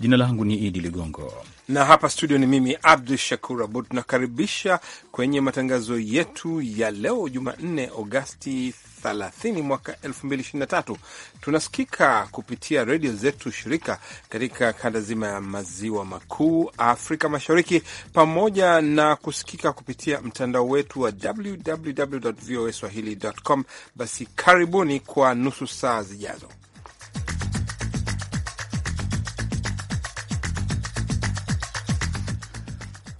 Jina langu ni Idi Ligongo na hapa studio ni mimi Abdu Shakur Abud. Tunakaribisha kwenye matangazo yetu ya leo Jumanne, Agosti 30 mwaka 2023. Tunasikika kupitia redio zetu shirika katika kanda zima ya maziwa makuu, Afrika Mashariki, pamoja na kusikika kupitia mtandao wetu wa www voa swahili com. Basi karibuni kwa nusu saa zijazo.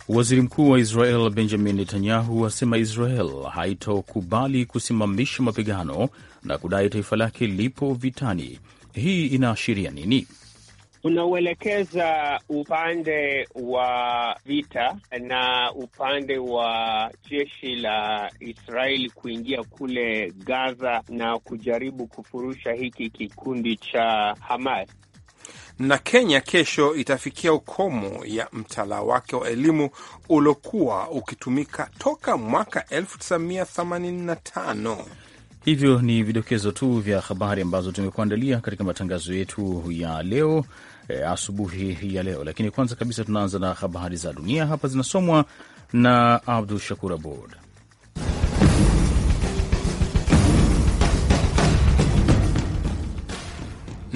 Waziri Mkuu wa Israel Benjamin Netanyahu asema Israel haitokubali kusimamisha mapigano na kudai taifa lake lipo vitani. Hii inaashiria nini? Unauelekeza upande wa vita na upande wa jeshi la Israeli kuingia kule Gaza na kujaribu kufurusha hiki kikundi cha Hamas. Na Kenya kesho itafikia ukomo ya mtaala wake wa elimu uliokuwa ukitumika toka mwaka 1985. Hivyo ni vidokezo tu vya habari ambazo tumekuandalia katika matangazo yetu ya leo e, asubuhi ya leo, lakini kwanza kabisa tunaanza na habari za dunia. Hapa zinasomwa na Abdul Shakur Abord.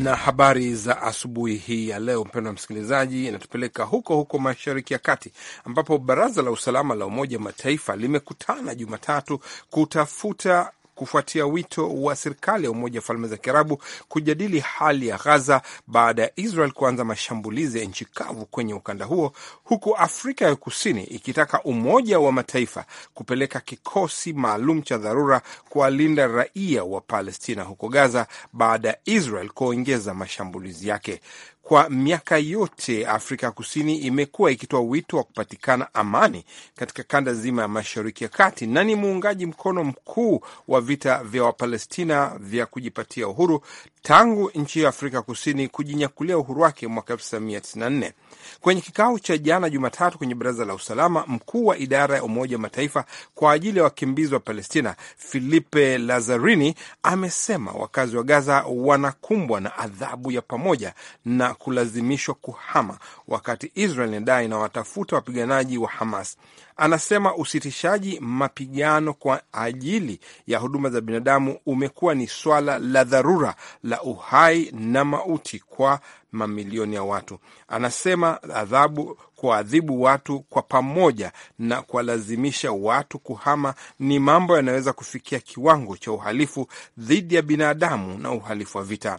Na habari za asubuhi hii ya leo, mpendwa msikilizaji, inatupeleka huko huko Mashariki ya Kati, ambapo baraza la usalama la Umoja wa Mataifa limekutana Jumatatu kutafuta kufuatia wito wa serikali ya Umoja wa Falme za Kiarabu kujadili hali ya Ghaza baada ya Israel kuanza mashambulizi ya nchi kavu kwenye ukanda huo, huku Afrika ya Kusini ikitaka Umoja wa Mataifa kupeleka kikosi maalum cha dharura kuwalinda raia wa Palestina huko Gaza baada ya Israel kuongeza mashambulizi yake. Kwa miaka yote Afrika Kusini imekuwa ikitoa wito wa kupatikana amani katika kanda zima ya Mashariki ya Kati na ni muungaji mkono mkuu wa vita vya Wapalestina vya kujipatia uhuru tangu nchi ya Afrika Kusini kujinyakulia uhuru wake mwaka 1994. Kwenye kikao cha jana Jumatatu kwenye Baraza la Usalama, mkuu wa idara ya Umoja wa Mataifa kwa ajili ya wakimbizi wa Palestina Filipe Lazarini amesema wakazi wa Gaza wanakumbwa na adhabu ya pamoja na kulazimishwa kuhama, wakati Israel inadai inawatafuta wapiganaji wa Hamas. Anasema usitishaji mapigano kwa ajili ya huduma za binadamu umekuwa ni swala la dharura la uhai na mauti kwa mamilioni ya watu. Anasema adhabu kuwaadhibu watu kwa pamoja na kuwalazimisha watu kuhama ni mambo yanayoweza kufikia kiwango cha uhalifu dhidi ya binadamu na uhalifu wa vita.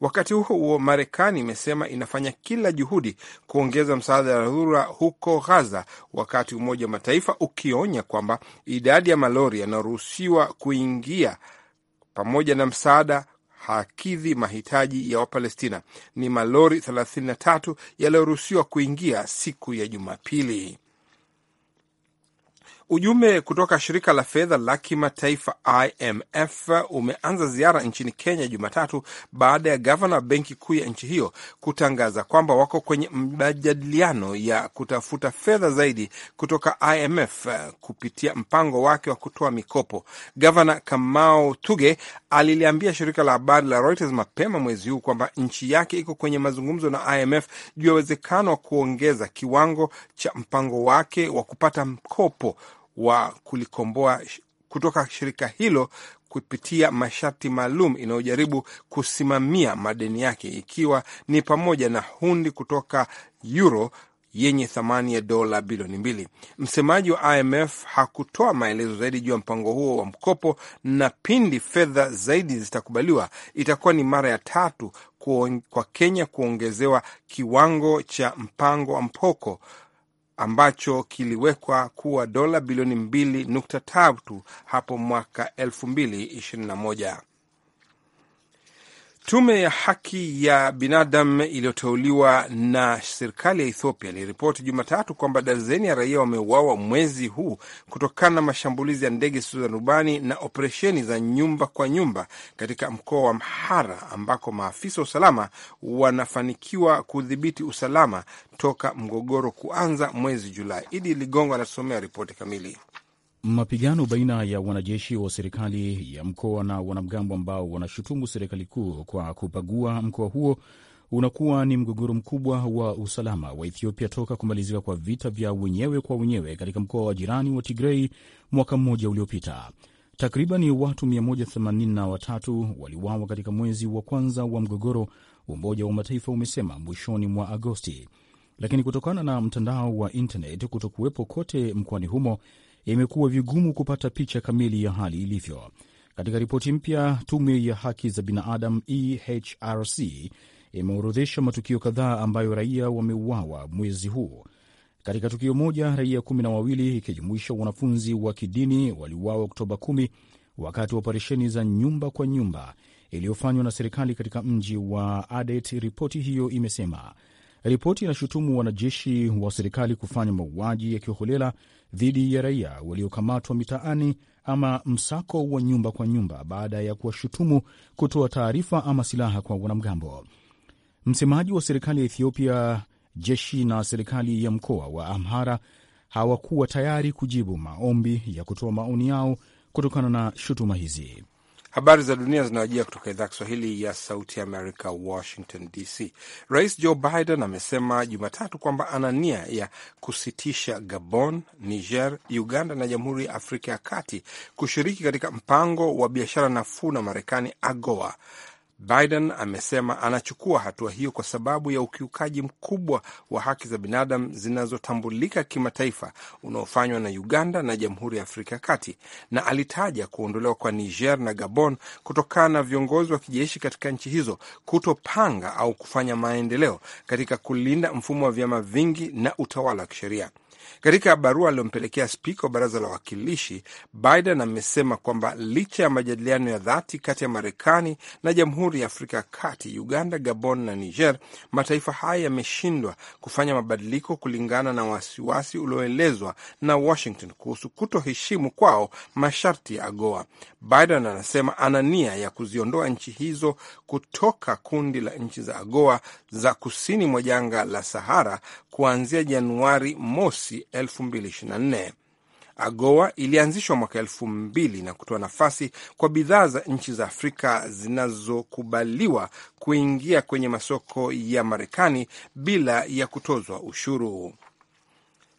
Wakati huo huo, Marekani imesema inafanya kila juhudi kuongeza msaada wa dharura huko ghaza wakati Umoja wa Mataifa ukionya kwamba idadi ya malori yanayoruhusiwa kuingia pamoja na msaada hakidhi mahitaji ya Wapalestina. Ni malori 33 yaliyoruhusiwa kuingia siku ya Jumapili. Ujumbe kutoka shirika la fedha la kimataifa IMF umeanza ziara nchini Kenya Jumatatu baada ya gavana wa benki kuu ya nchi hiyo kutangaza kwamba wako kwenye majadiliano ya kutafuta fedha zaidi kutoka IMF kupitia mpango wake wa kutoa mikopo. Gavana Kamau Tuge aliliambia shirika la habari la Reuters mapema mwezi huu kwamba nchi yake iko kwenye mazungumzo na IMF juu ya uwezekano wa kuongeza kiwango cha mpango wake wa kupata mkopo wa kulikomboa kutoka shirika hilo kupitia masharti maalum inayojaribu kusimamia madeni yake ikiwa ni pamoja na hundi kutoka euro yenye thamani ya dola bilioni mbili. Msemaji wa IMF hakutoa maelezo zaidi juu ya mpango huo wa mkopo, na pindi fedha zaidi zitakubaliwa, itakuwa ni mara ya tatu kwa Kenya kuongezewa kiwango cha mpango wa mkopo ambacho kiliwekwa kuwa dola bilioni mbili nukta tatu hapo mwaka elfu mbili ishirini na moja. Tume ya haki ya binadamu iliyoteuliwa na serikali ya Ethiopia iliripoti Jumatatu kwamba dazeni ya raia wameuawa mwezi huu kutokana na mashambulizi ya ndege zisizo za rubani na operesheni za nyumba kwa nyumba katika mkoa wa Amhara ambako maafisa wa usalama wanafanikiwa kudhibiti usalama toka mgogoro kuanza mwezi Julai. Idi Ligongo anasomea ripoti kamili. Mapigano baina ya wanajeshi wa serikali ya mkoa na wanamgambo ambao wanashutumu serikali kuu kwa kupagua mkoa huo unakuwa ni mgogoro mkubwa wa usalama wa Ethiopia toka kumalizika kwa vita vya wenyewe kwa wenyewe katika mkoa wa jirani wa Tigrei mwaka mmoja uliopita. Takriban watu 183 waliuawa katika mwezi wa kwanza wa mgogoro, Umoja wa Mataifa umesema mwishoni mwa Agosti. Lakini kutokana na mtandao wa intnet kutokuwepo kote mkoani humo, imekuwa vigumu kupata picha kamili ya hali ilivyo. Katika ripoti mpya, tume ya haki za binadamu EHRC imeorodhesha matukio kadhaa ambayo raia wameuawa mwezi huu. Katika tukio moja, raia kumi na wawili ikijumuisha wanafunzi wa kidini waliuawa Oktoba 10 wakati wa operesheni za nyumba kwa nyumba iliyofanywa na serikali katika mji wa Adet. Ripoti hiyo imesema Ripoti inashutumu wanajeshi wa serikali kufanya mauaji ya kiholela dhidi ya raia waliokamatwa mitaani ama msako wa nyumba kwa nyumba baada ya kuwashutumu kutoa taarifa ama silaha kwa wanamgambo. Msemaji wa serikali ya Ethiopia, jeshi na serikali ya mkoa wa Amhara hawakuwa tayari kujibu maombi ya kutoa maoni yao kutokana na shutuma hizi. Habari za dunia zinawajia kutoka idhaa Kiswahili ya Sauti Amerika, Washington DC. Rais Joe Biden amesema Jumatatu kwamba ana nia ya kusitisha Gabon, Niger, Uganda na Jamhuri ya Afrika ya Kati kushiriki katika mpango wa biashara nafuu na Marekani, AGOA Biden amesema anachukua hatua hiyo kwa sababu ya ukiukaji mkubwa wa haki za binadamu zinazotambulika kimataifa unaofanywa na Uganda na Jamhuri ya Afrika ya Kati, na alitaja kuondolewa kwa Niger na Gabon kutokana na viongozi wa kijeshi katika nchi hizo kutopanga au kufanya maendeleo katika kulinda mfumo wa vyama vingi na utawala wa kisheria. Katika barua aliyompelekea spika wa baraza la wawakilishi, Biden amesema kwamba licha ya majadiliano ya dhati kati ya Marekani na Jamhuri ya Afrika ya Kati, Uganda, Gabon na Niger, mataifa haya yameshindwa kufanya mabadiliko kulingana na wasiwasi ulioelezwa na Washington kuhusu kutoheshimu kwao masharti ya AGOA. Biden anasema ana nia ya kuziondoa nchi hizo kutoka kundi la nchi za AGOA za kusini mwa janga la Sahara kuanzia Januari mosi Agosti 2024. AGOA ilianzishwa mwaka 2000 na kutoa nafasi kwa bidhaa za nchi za Afrika zinazokubaliwa kuingia kwenye masoko ya Marekani bila ya kutozwa ushuru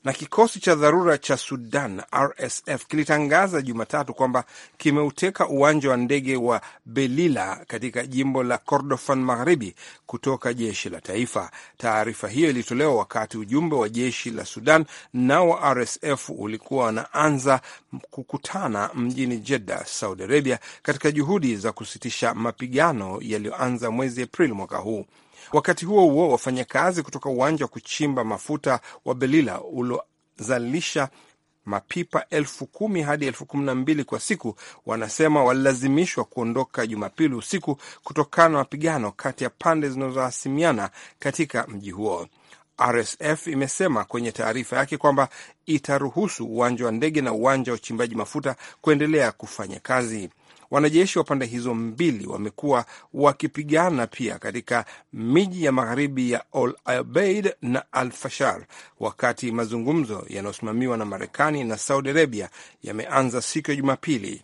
na kikosi cha dharura cha Sudan RSF kilitangaza Jumatatu kwamba kimeuteka uwanja wa ndege wa Belila katika jimbo la Kordofan Magharibi kutoka jeshi la taifa. Taarifa hiyo ilitolewa wakati ujumbe wa jeshi la Sudan na wa RSF ulikuwa wanaanza kukutana mjini Jeddah, Saudi Arabia, katika juhudi za kusitisha mapigano yaliyoanza mwezi Aprili mwaka huu. Wakati huo huo, wafanyakazi kutoka uwanja wa kuchimba mafuta wa Belila uliozalisha mapipa elfu kumi hadi elfu kumi na mbili kwa siku wanasema walilazimishwa kuondoka Jumapili usiku kutokana na mapigano kati ya pande zinazohasimiana katika mji huo. RSF imesema kwenye taarifa yake kwamba itaruhusu uwanja wa ndege na uwanja wa uchimbaji mafuta kuendelea kufanya kazi. Wanajeshi wa pande hizo mbili wamekuwa wakipigana pia katika miji ya magharibi ya Al Abeid na Al Fashar, wakati mazungumzo yanayosimamiwa na Marekani na Saudi Arabia yameanza siku ya Jumapili.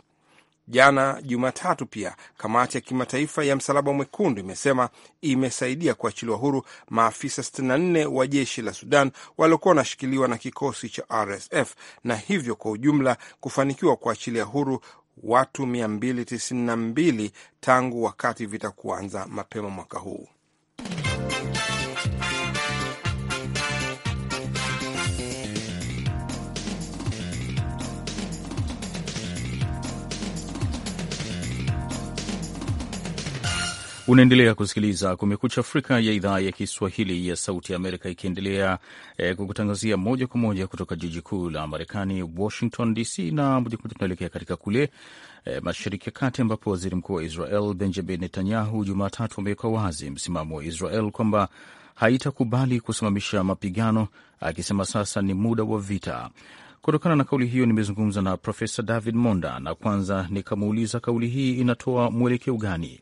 Jana Jumatatu pia kamati ya kimataifa ya Msalaba Mwekundu imesema imesaidia kuachiliwa huru maafisa 64 wa jeshi la Sudan waliokuwa wanashikiliwa na kikosi cha RSF na hivyo kwa ujumla kufanikiwa kuachilia huru watu 292 tangu wakati vita kuanza mapema mwaka huu. Unaendelea kusikiliza Kumekucha Afrika ya idhaa ya Kiswahili ya Sauti ya Amerika, ikiendelea eh, kukutangazia moja kwa moja kutoka jiji kuu la Marekani, Washington DC. Na moja kwa moja tunaelekea katika kule eh, Mashariki ya Kati, ambapo waziri mkuu wa Israel Benjamin Netanyahu Jumatatu ameweka wazi msimamo wa Israel kwamba haitakubali kusimamisha mapigano, akisema sasa ni muda wa vita. Kutokana na kauli hiyo, nimezungumza na Profesa David Monda na kwanza nikamuuliza kauli hii inatoa mwelekeo gani?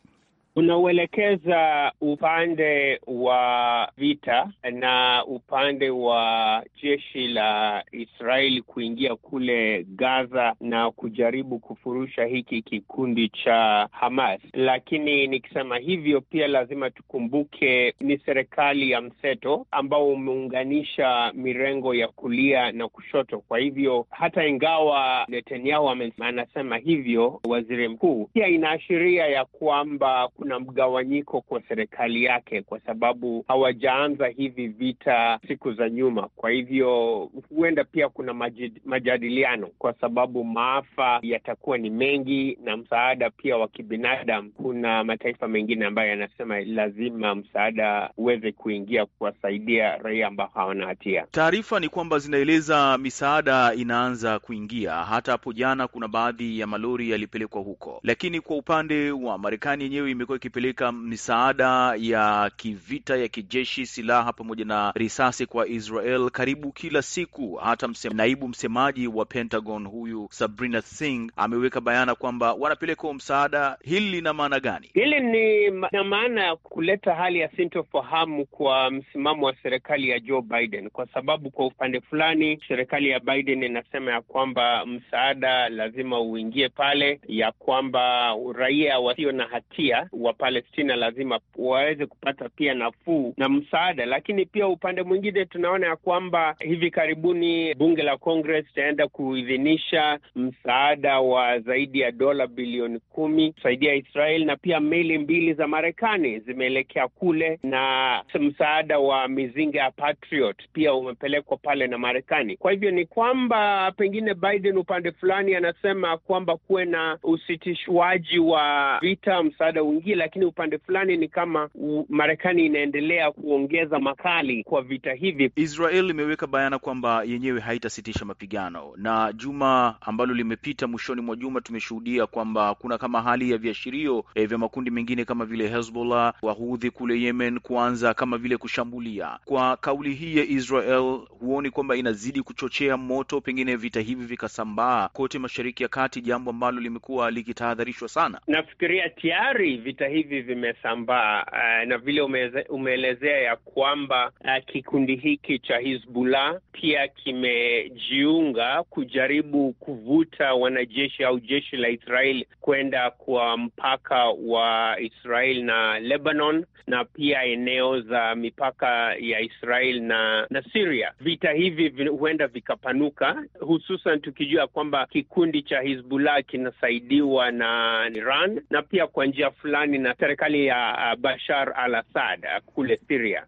unauelekeza upande wa vita na upande wa jeshi la Israeli kuingia kule Gaza na kujaribu kufurusha hiki kikundi cha Hamas. Lakini nikisema hivyo, pia lazima tukumbuke ni serikali ya mseto ambao umeunganisha mirengo ya kulia na kushoto. Kwa hivyo hata ingawa Netanyahu anasema hivyo, waziri mkuu, pia inaashiria ya kwamba kuna mgawanyiko kwa serikali yake, kwa sababu hawajaanza hivi vita siku za nyuma. Kwa hivyo huenda pia kuna majid, majadiliano, kwa sababu maafa yatakuwa ni mengi na msaada pia wa kibinadamu. Kuna mataifa mengine ambayo yanasema lazima msaada uweze kuingia kuwasaidia raia ambao hawana hatia. Taarifa ni kwamba zinaeleza misaada inaanza kuingia. Hata hapo jana kuna baadhi ya malori yalipelekwa huko, lakini kwa upande wa Marekani yenyewe imekuwa imekuwa ikipeleka misaada ya kivita ya kijeshi, silaha pamoja na risasi kwa Israel karibu kila siku. Hata mse, naibu msemaji wa Pentagon huyu Sabrina Singh ameweka bayana kwamba wanapeleka msaada. Hili lina maana gani? Hili ni na maana ya kuleta hali ya sintofahamu kwa msimamo wa serikali ya Joe Biden, kwa sababu kwa upande fulani serikali ya Biden inasema ya kwamba msaada lazima uingie pale, ya kwamba raia wasio na hatia Wapalestina lazima waweze kupata pia nafuu na msaada, lakini pia upande mwingine tunaona ya kwamba hivi karibuni bunge la Congress itaenda kuidhinisha msaada wa zaidi ya dola bilioni kumi kusaidia Israel, na pia meli mbili za Marekani zimeelekea kule, na msaada wa mizinga ya Patriot pia umepelekwa pale na Marekani. Kwa hivyo ni kwamba pengine Biden upande fulani anasema kwamba kuwe na usitishwaji wa vita, msaada wingine nyingi, lakini upande fulani ni kama Marekani inaendelea kuongeza makali kwa vita hivi. Israel imeweka bayana kwamba yenyewe haitasitisha mapigano, na juma ambalo limepita, mwishoni mwa juma, tumeshuhudia kwamba kuna kama hali ya viashirio eh, vya makundi mengine kama vile Hezbollah, Wahudhi kule Yemen kuanza kama vile kushambulia. Kwa kauli hii ya Israel, huoni kwamba inazidi kuchochea moto, pengine vita hivi vikasambaa kote Mashariki ya Kati, jambo ambalo limekuwa likitahadharishwa sana? Nafikiria tayari vita vita hivi vimesambaa uh, na vile umeelezea ya kwamba uh, kikundi hiki cha Hizbullah pia kimejiunga kujaribu kuvuta wanajeshi au jeshi la Israeli kwenda kwa mpaka wa Israel na Lebanon na pia eneo za mipaka ya Israel na, na Syria. Vita hivi huenda vikapanuka, hususan tukijua kwamba kikundi cha Hizbullah kinasaidiwa na Iran na pia kwa njia fulani Marekani na serikali ya uh, Bashar al Assad uh, kule Siria.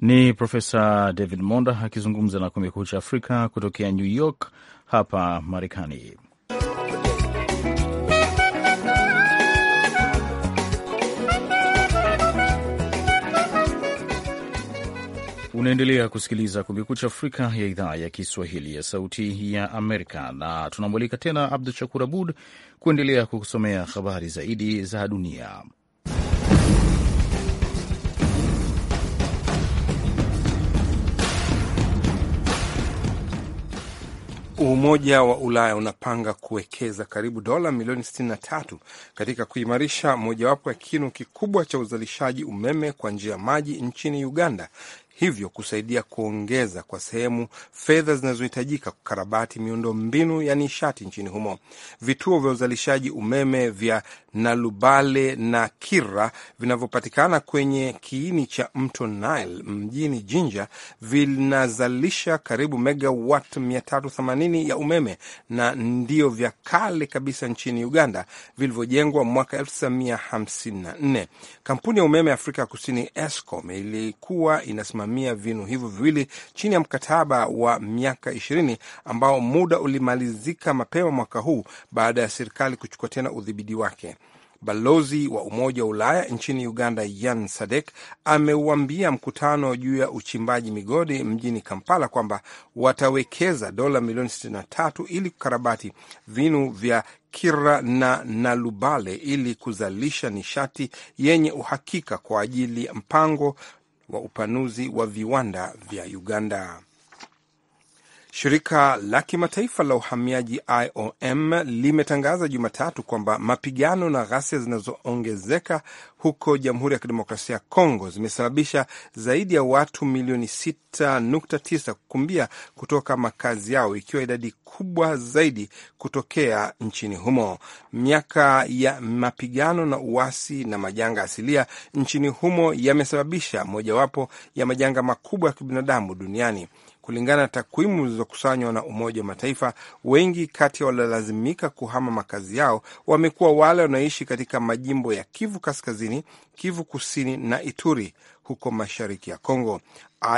Ni Profesa David Monda akizungumza na Kumekucha Afrika kutokea New York hapa Marekani. Unaendelea kusikiliza Kumekucha Afrika ya idhaa ya Kiswahili ya Sauti ya Amerika, na tunamwalika tena Abdu Shakur Abud kuendelea kukusomea habari zaidi za dunia. Umoja wa Ulaya unapanga kuwekeza karibu dola milioni 63 katika kuimarisha mojawapo ya kinu kikubwa cha uzalishaji umeme kwa njia ya maji nchini Uganda hivyo kusaidia kuongeza kwa sehemu fedha zinazohitajika kukarabati miundo mbinu ya nishati nchini humo. Vituo vya uzalishaji umeme vya Nalubale na Kira vinavyopatikana kwenye kiini cha mto Nile mjini Jinja vinazalisha karibu megawat 380 ya umeme na ndio vya kale kabisa nchini Uganda, vilivyojengwa mwaka 1954. Kampuni ya umeme ya Afrika Kusini, Eskom, ilikuwa inasimamia kusimamia vinu hivyo viwili chini ya mkataba wa miaka ishirini ambao muda ulimalizika mapema mwaka huu baada ya serikali kuchukua tena udhibiti wake. Balozi wa Umoja wa Ulaya nchini Uganda, Yan Sadek, ameuambia mkutano juu ya uchimbaji migodi mjini Kampala kwamba watawekeza dola milioni 63 ili kukarabati vinu vya Kira na Nalubale ili kuzalisha nishati yenye uhakika kwa ajili ya mpango wa upanuzi wa viwanda vya Uganda. Shirika la kimataifa la uhamiaji IOM limetangaza Jumatatu kwamba mapigano na ghasia zinazoongezeka huko Jamhuri ya Kidemokrasia ya Kongo zimesababisha zaidi ya watu milioni 6.9 kukimbia kutoka makazi yao, ikiwa idadi kubwa zaidi kutokea nchini humo. Miaka ya mapigano na uasi na majanga asilia nchini humo yamesababisha mojawapo ya majanga makubwa ya kibinadamu duniani. Kulingana na takwimu zilizokusanywa na Umoja wa Mataifa, wengi kati ya waliolazimika kuhama makazi yao wamekuwa wale wanaoishi katika majimbo ya Kivu Kaskazini, Kivu Kusini na Ituri huko mashariki ya Kongo.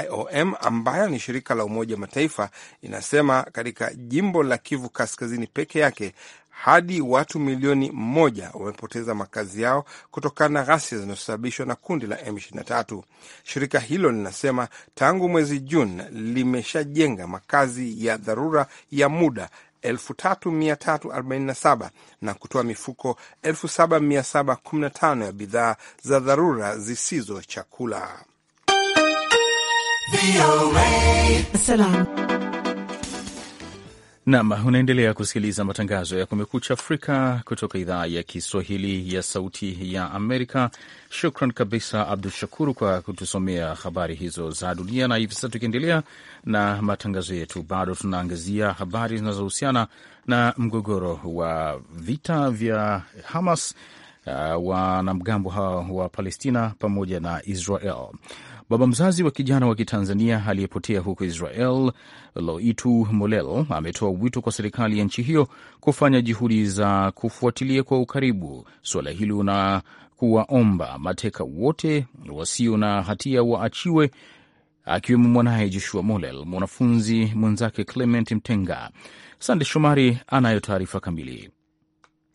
IOM ambayo ni shirika la Umoja wa Mataifa inasema katika jimbo la Kivu Kaskazini peke yake hadi watu milioni moja wamepoteza makazi yao kutokana na ghasia zinazosababishwa na kundi la M23. Shirika hilo linasema tangu mwezi Juni limeshajenga makazi ya dharura ya muda 3347 na kutoa mifuko 7715 ya bidhaa za dharura zisizo chakula. Nam, unaendelea kusikiliza matangazo ya Kumekucha Afrika kutoka idhaa ya Kiswahili ya Sauti ya Amerika. Shukran kabisa Abdu Shakuru kwa kutusomea habari hizo za dunia. Na hivi sasa tukiendelea na matangazo yetu, bado tunaangazia habari zinazohusiana na mgogoro wa vita vya Hamas, uh, wanamgambo hao wa Palestina pamoja na Israel. Baba mzazi wa kijana wa Kitanzania aliyepotea huko Israel, Loitu Molel, ametoa wito kwa serikali ya nchi hiyo kufanya juhudi za kufuatilia kwa ukaribu suala hilo na kuwaomba mateka wote wasio na hatia waachiwe akiwemo mwanaye Joshua Molel, mwanafunzi mwenzake Clement Mtenga. Sande Shomari anayo taarifa kamili.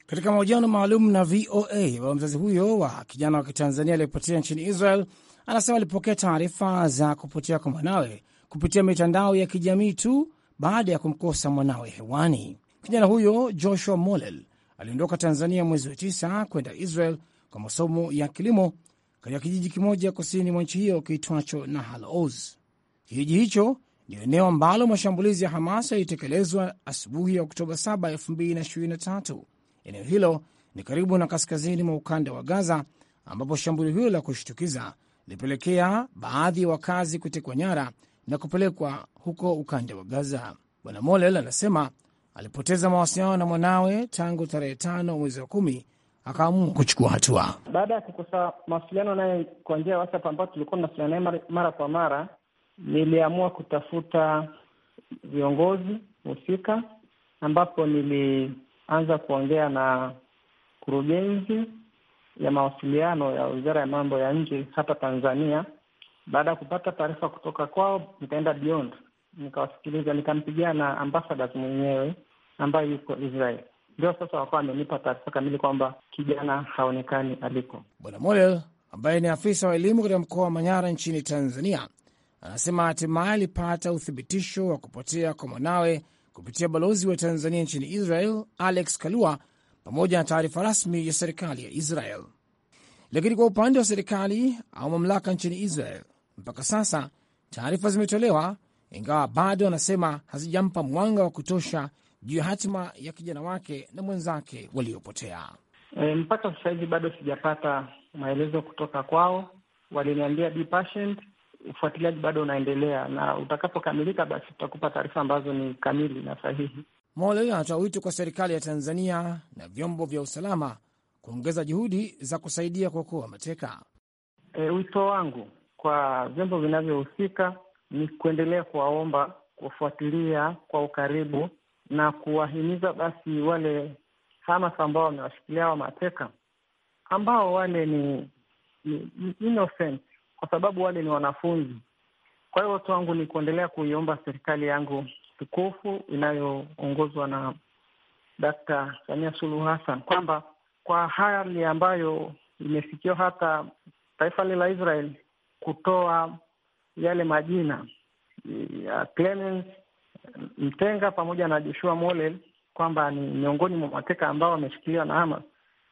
Katika mahojiano maalum na VOA, baba mzazi huyo wa kijana wa Kitanzania aliyepotea nchini Israel anasema alipokea taarifa za kupotea kwa mwanawe kupitia mitandao ya kijamii tu baada ya kumkosa mwanawe hewani. Kijana huyo Joshua Molel aliondoka Tanzania mwezi wa tisa kwenda Israel kwa masomo ya kilimo katika kijiji kimoja kusini mwa nchi hiyo kiitwacho Nahal Oz. Kijiji hicho ni eneo ambalo mashambulizi ya Hamas yalitekelezwa asubuhi ya Oktoba 7, 2023. Eneo hilo ni karibu na kaskazini mwa ukanda wa Gaza, ambapo shambulio hilo la kushtukiza ilipelekea baadhi ya wakazi kutekwa nyara na kupelekwa huko ukanda wa Gaza. Bwana Molel anasema alipoteza mawasiliano na mwanawe tangu tarehe tano mwezi wa kumi akaamua kuchukua hatua baada ya kukosa mawasiliano naye kwa njia ya WhatsApp ambayo tulikuwa tunawasiliana naye mara kwa mara. Niliamua kutafuta viongozi husika, ambapo nilianza kuongea na mkurugenzi ya mawasiliano ya wizara ya mambo ya nje hapa Tanzania. Baada ya kupata taarifa kutoka kwao, nikaenda Beyond nikawasikiliza, nikampigia na ambassador mwenyewe ambaye yuko Israel. Ndio sasa wakawa amenipa taarifa kamili kwamba kijana haonekani aliko. Bwana Morel ambaye ni afisa wa elimu katika mkoa wa Manyara nchini Tanzania anasema hatimaye alipata uthibitisho wa kupotea kwa mwanawe kupitia balozi wa Tanzania nchini Israel Alex Kalua pamoja na taarifa rasmi ya serikali ya Israel. Lakini kwa upande wa serikali au mamlaka nchini Israel, mpaka sasa taarifa zimetolewa, ingawa bado wanasema hazijampa mwanga wa kutosha juu ya hatima ya kijana wake na mwenzake waliopotea. E, mpaka sasa hivi bado sijapata maelezo kutoka kwao. Waliniambia be patient, ufuatiliaji bado unaendelea, na utakapokamilika basi tutakupa taarifa ambazo ni kamili na sahihi. Mole anatoa wito kwa serikali ya Tanzania na vyombo vya usalama kuongeza juhudi za kusaidia kuokoa mateka. E, wito wangu kwa vyombo vinavyohusika ni kuendelea kuwaomba kufuatilia kwa ukaribu na kuwahimiza basi wale Hamas ambao wamewashikilia wa mateka ambao wale ni, ni, ni innocent kwa sababu wale ni wanafunzi. Kwa hiyo watu wangu ni kuendelea kuiomba serikali yangu tukufu inayoongozwa na Dakta Samia Suluhu Hassan kwamba kwa hali ambayo imefikiwa hata taifa la Israel kutoa yale majina eh, ya Clemens Mtenga pamoja na Joshua Molel kwamba ni miongoni mwa mateka ambao wameshikiliwa na Hamas,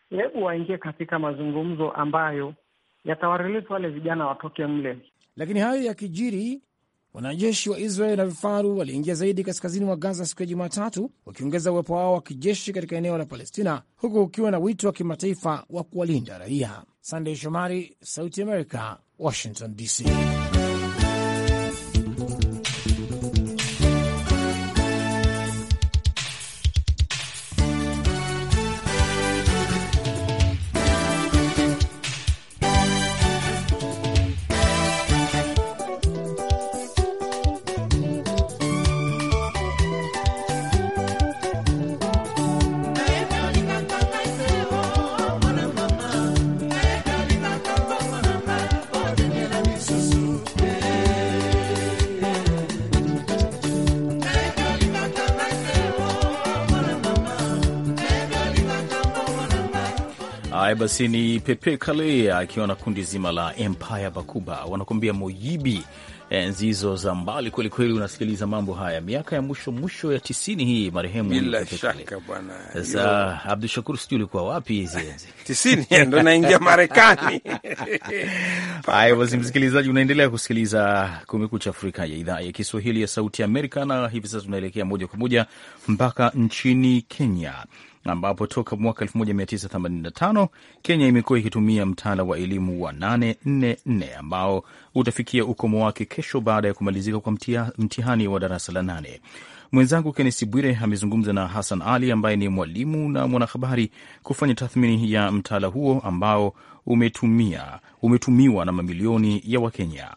hebu waingie katika mazungumzo ambayo yatawarilisi wale vijana watoke mle. Lakini hayo yakijiri, Wanajeshi wa Israeli na vifaru waliingia zaidi kaskazini mwa Gaza siku ya Jumatatu, wakiongeza uwepo wao wa kijeshi katika eneo la Palestina, huku ukiwa na wito wa kimataifa wa kuwalinda raia. Sandey Shomari, Sauti America, Washington DC. Haya basi, ni Pepe Kale akiwa na kundi zima la Empire Bakuba wanakuambia moyibi enzi eh, hizo za mbali kwelikweli. Unasikiliza mambo haya miaka ya mwisho mwisho ya tisini, hii marehemu. Bila shaka bwana. Sasa Abdu Shakur, sijui ulikuwa wapi hizi enzi tisini? Ndo naingia Marekani. Haya basi, msikilizaji, unaendelea kusikiliza Kumekucha Afrika ya idhaa ya Kiswahili ya Sauti Amerika, na hivi sasa tunaelekea moja kwa moja mpaka nchini Kenya na ambapo toka mwaka 1985 Kenya imekuwa ikitumia mtaala wa elimu wa 844 ambao utafikia ukomo wake kesho baada ya kumalizika kwa mtia, mtihani wa darasa la nane. Mwenzangu Kennesi Bwire amezungumza na Hassan Ali ambaye ni mwalimu na mwanahabari kufanya tathmini ya mtaala huo ambao umetumia, umetumiwa na mamilioni ya Wakenya.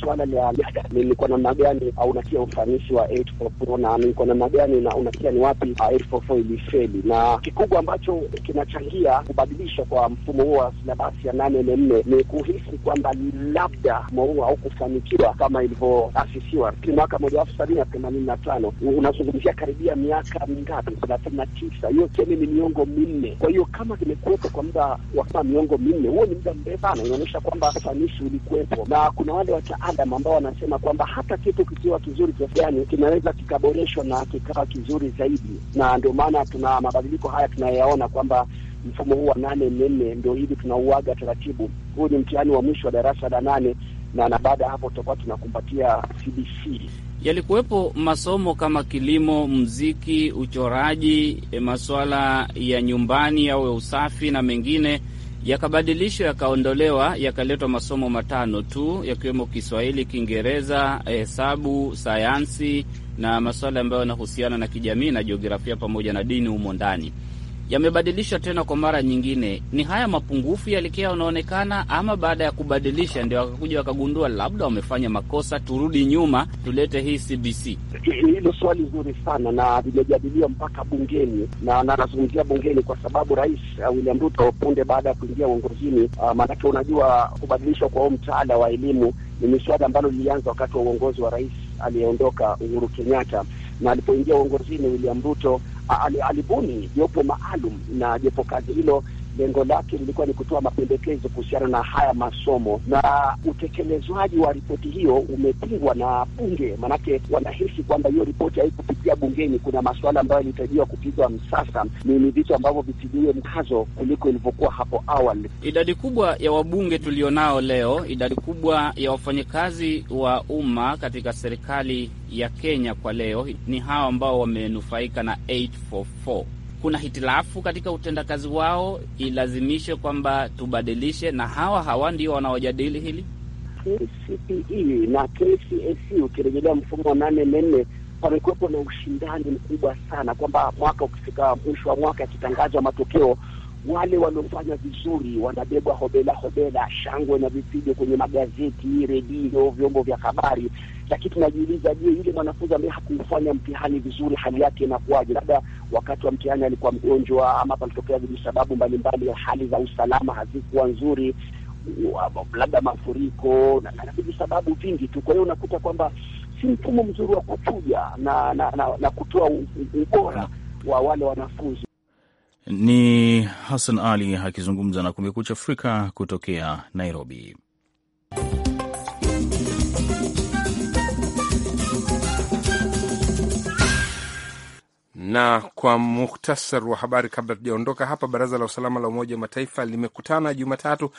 Swala la ada nilikuwa namna gani unatia ufanisi wa 844 na nilikuwa namna gani na unatia ni wapi 844 ilifeli, na kikubwa ambacho kinachangia kubadilisha kwa mfumo huo wa silabasi ya 844 ni kuhisi kwamba labda maua au kufanikiwa kama ilivyoasisiwa mwaka moja elfu sabini na themanini na tano. Unazungumzia karibia miaka mingapi? thelathini na tisa. Hiyo seme ni miongo minne. Kwa hiyo kama kimekuwepo kwa muda wa kama miongo minne, huo ni muda mrefu sana, inaonyesha kwamba ufanisi ulikuwepo, na kuna wale wa Adam ambao wanasema kwamba hata kitu kikiwa kizuri kiasi gani kinaweza kikaboreshwa na kikawa kizuri zaidi, na ndio maana tuna mabadiliko haya tunayaona kwamba mfumo huu wa nane nne nne ndio hivi tunauaga taratibu. Huu ni mtihani wa mwisho wa darasa la nane na na baada ya hapo tutakuwa tunakumbatia CBC. Yalikuwepo masomo kama kilimo, mziki, uchoraji, e, masuala ya nyumbani au ya usafi na mengine yakabadilishwa, yakaondolewa, yakaletwa masomo matano tu yakiwemo Kiswahili, Kiingereza, hesabu, sayansi na masuala ambayo yanahusiana na kijamii na jiografia pamoja na dini humo ndani yamebadilishwa tena kwa mara nyingine. Ni haya mapungufu yalikia yanaonekana, ama baada ya kubadilisha ndio wakakuja wakagundua labda wamefanya makosa, turudi nyuma, tulete hii CBC? Hilo swali zuri sana na limejadiliwa mpaka bungeni, na nazungumzia bungeni kwa sababu Rais uh, William Ruto punde baada ya kuingia uongozini, uh, maanake unajua kubadilishwa kwa huo mtaala wa elimu ni miswali ambalo lilianza wakati wa uongozi wa rais aliyeondoka Uhuru Kenyatta, na alipoingia uongozini William Ruto alibuni jopo maalum na jopo kazi hilo lengo lake lilikuwa ni kutoa mapendekezo kuhusiana na haya masomo, na utekelezwaji wa ripoti hiyo umepingwa na bunge, maanake wanahisi kwamba hiyo ripoti haikupitia bungeni. Kuna masuala ambayo yalihitajiwa kupigwa msasa, ni vitu ambavyo vitiliwe mkazo kuliko ilivyokuwa hapo awali. Idadi kubwa ya wabunge tulionao leo, idadi kubwa ya wafanyakazi wa umma katika serikali ya Kenya kwa leo ni hawa ambao wamenufaika na 844 kuna hitilafu katika utendakazi wao ilazimishe kwamba tubadilishe, na hawa hawa ndio wanaojadili hili KCPE na KCSE. Ukirejelea mfumo wa nane nne pamekuwepo na ushindani mkubwa sana, kwamba mwaka ukifika mwisho wa mwaka yakitangazwa matokeo wale waliofanya vizuri wanabebwa hobela hobela, shangwe na vipigo kwenye magazeti, redio, vyombo vya habari, lakini tunajiuliza, je, yule mwanafunzi ambaye hakufanya mtihani vizuri, hali yake inakuwaje? Labda wakati wa mtihani alikuwa mgonjwa, ama palitokea sababu mbalimbali, hali za usalama hazikuwa nzuri labda mafuriko na, na sababu vingi tu. Kwa hiyo unakuta kwamba si mfumo mzuri wa kuchuja na, na, na, na kutoa ubora wa wale wanafunzi. Ni Hassan Ali akizungumza na Kumekucha Afrika kutokea Nairobi. Na kwa muhtasar wa habari kabla tujaondoka hapa, baraza la usalama la Umoja wa Mataifa limekutana Jumatatu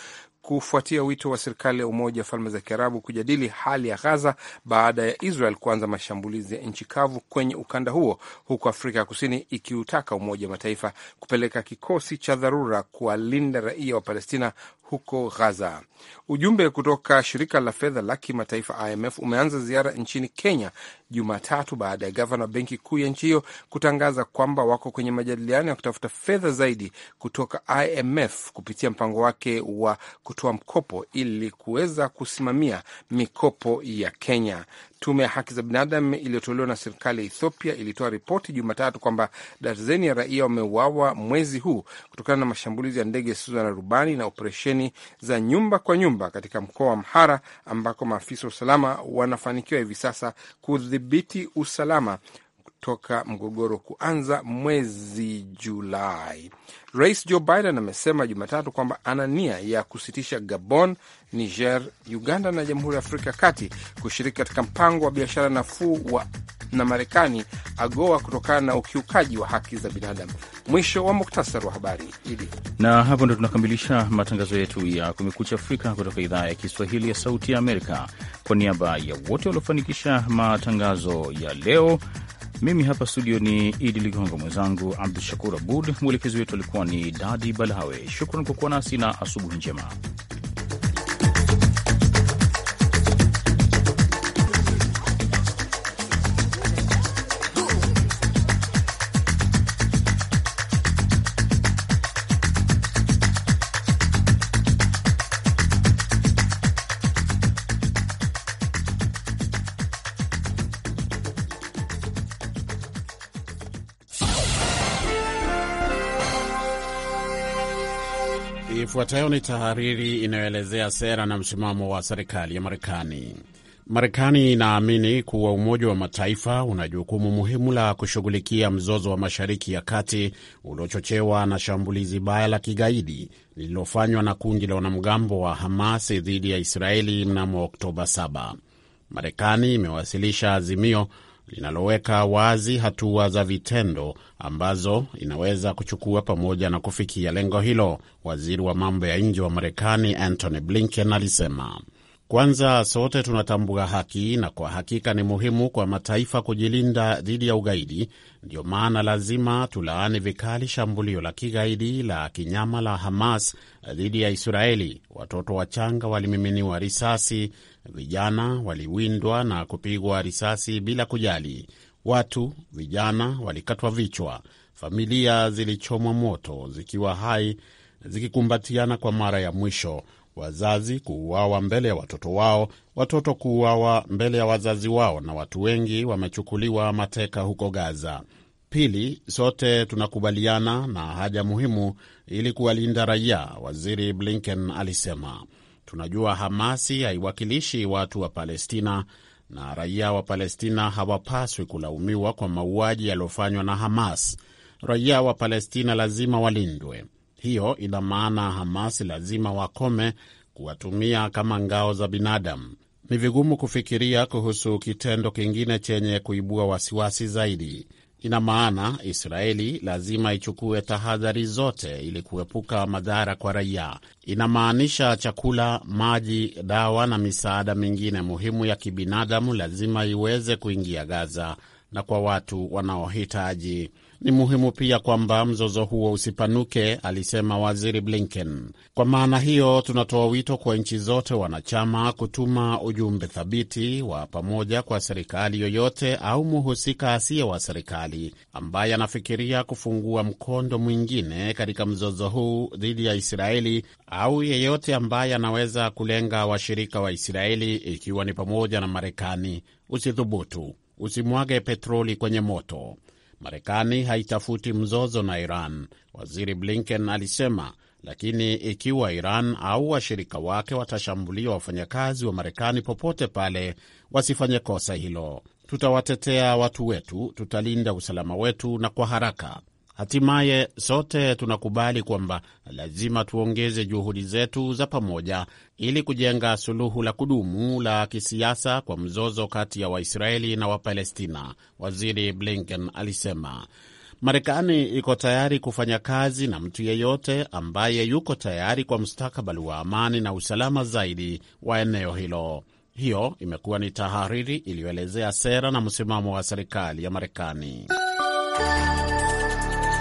kufuatia wito wa serikali ya Umoja wa Falme za Kiarabu kujadili hali ya Ghaza baada ya Israel kuanza mashambulizi ya nchi kavu kwenye ukanda huo, huku Afrika ya Kusini ikiutaka Umoja wa Mataifa kupeleka kikosi cha dharura kuwalinda raia wa Palestina huko Ghaza. Ujumbe kutoka shirika la fedha la kimataifa IMF umeanza ziara nchini Kenya Jumatatu baada ya gavana benki kuu ya nchi hiyo kutanga wametangaza kwamba wako kwenye majadiliano ya kutafuta fedha zaidi kutoka IMF kupitia mpango wake wa kutoa mkopo ili kuweza kusimamia mikopo ya Kenya. Tume ya haki za binadamu iliyotolewa na serikali ya Ethiopia ilitoa ripoti Jumatatu kwamba darzeni ya raia wameuawa mwezi huu kutokana na mashambulizi ya ndege zisizo na rubani na operesheni za nyumba kwa nyumba katika mkoa wa Amhara ambako maafisa wa usalama wanafanikiwa hivi sasa kudhibiti usalama toka mgogoro kuanza mwezi Julai. Rais Joe Biden amesema Jumatatu kwamba ana nia ya kusitisha Gabon, Niger, Uganda na Jamhuri ya Afrika ya Kati kushiriki katika mpango wa biashara nafuu na Marekani, AGOA, kutokana na ukiukaji wa haki za binadamu. Mwisho wa muktasari wa habari Idi. Na hapo ndo tunakamilisha matangazo yetu ya Kumekucha Afrika kutoka idhaa ya Kiswahili ya Sauti ya Amerika. Kwa niaba ya wote waliofanikisha matangazo ya leo, mimi hapa studio ni Idi Ligongo, mwenzangu Abdu Shakur Abud, mwelekezi wetu alikuwa ni Dadi Balawe. Shukran kwa kuwa nasi na asubuhi njema. Ifuatayo ni tahariri inayoelezea sera na msimamo wa serikali ya Marekani. Marekani inaamini kuwa Umoja wa Mataifa una jukumu muhimu la kushughulikia mzozo wa Mashariki ya Kati uliochochewa na shambulizi baya la kigaidi lililofanywa na kundi la wanamgambo wa Hamas dhidi ya Israeli mnamo Oktoba 7. Marekani imewasilisha azimio linaloweka wazi hatua za vitendo ambazo inaweza kuchukua pamoja na kufikia lengo hilo, waziri wa mambo ya nje wa Marekani Antony Blinken alisema. Kwanza, sote tunatambua haki na kwa hakika ni muhimu kwa mataifa kujilinda dhidi ya ugaidi. Ndiyo maana lazima tulaani vikali shambulio la kigaidi la kinyama la Hamas dhidi ya Israeli. Watoto wachanga walimiminiwa risasi Vijana waliwindwa na kupigwa risasi bila kujali. Watu vijana walikatwa vichwa, familia zilichomwa moto zikiwa hai, zikikumbatiana kwa mara ya mwisho, wazazi kuuawa mbele ya watoto wao, watoto kuuawa mbele ya wazazi wao, na watu wengi wamechukuliwa mateka huko Gaza. Pili, sote tunakubaliana na haja muhimu ili kuwalinda raia, Waziri Blinken alisema. Tunajua Hamasi haiwakilishi watu wa Palestina na raia wa Palestina hawapaswi kulaumiwa kwa mauaji yaliyofanywa na Hamas. Raia wa Palestina lazima walindwe. Hiyo ina maana Hamas lazima wakome kuwatumia kama ngao za binadamu. Ni vigumu kufikiria kuhusu kitendo kingine chenye kuibua wasiwasi zaidi. Ina maana Israeli lazima ichukue tahadhari zote ili kuepuka madhara kwa raia. Inamaanisha chakula, maji, dawa na misaada mingine muhimu ya kibinadamu lazima iweze kuingia Gaza na kwa watu wanaohitaji. Ni muhimu pia kwamba mzozo huo usipanuke, alisema Waziri Blinken. Kwa maana hiyo, tunatoa wito kwa nchi zote wanachama kutuma ujumbe thabiti wa pamoja kwa serikali yoyote au muhusika asiye wa serikali ambaye anafikiria kufungua mkondo mwingine katika mzozo huu dhidi ya Israeli au yeyote ambaye anaweza kulenga washirika wa Israeli ikiwa ni pamoja na Marekani. Usithubutu, usimwage petroli kwenye moto. Marekani haitafuti mzozo na Iran, waziri Blinken alisema, lakini ikiwa Iran au washirika wake watashambulia wafanyakazi wa Marekani popote pale, wasifanye kosa hilo. Tutawatetea watu wetu, tutalinda usalama wetu na kwa haraka Hatimaye sote tunakubali kwamba lazima tuongeze juhudi zetu za pamoja ili kujenga suluhu la kudumu la kisiasa kwa mzozo kati ya Waisraeli na Wapalestina, Waziri Blinken alisema. Marekani iko tayari kufanya kazi na mtu yeyote ambaye yuko tayari kwa mustakabali wa amani na usalama zaidi wa eneo hilo. Hiyo imekuwa ni tahariri iliyoelezea sera na msimamo wa serikali ya Marekani.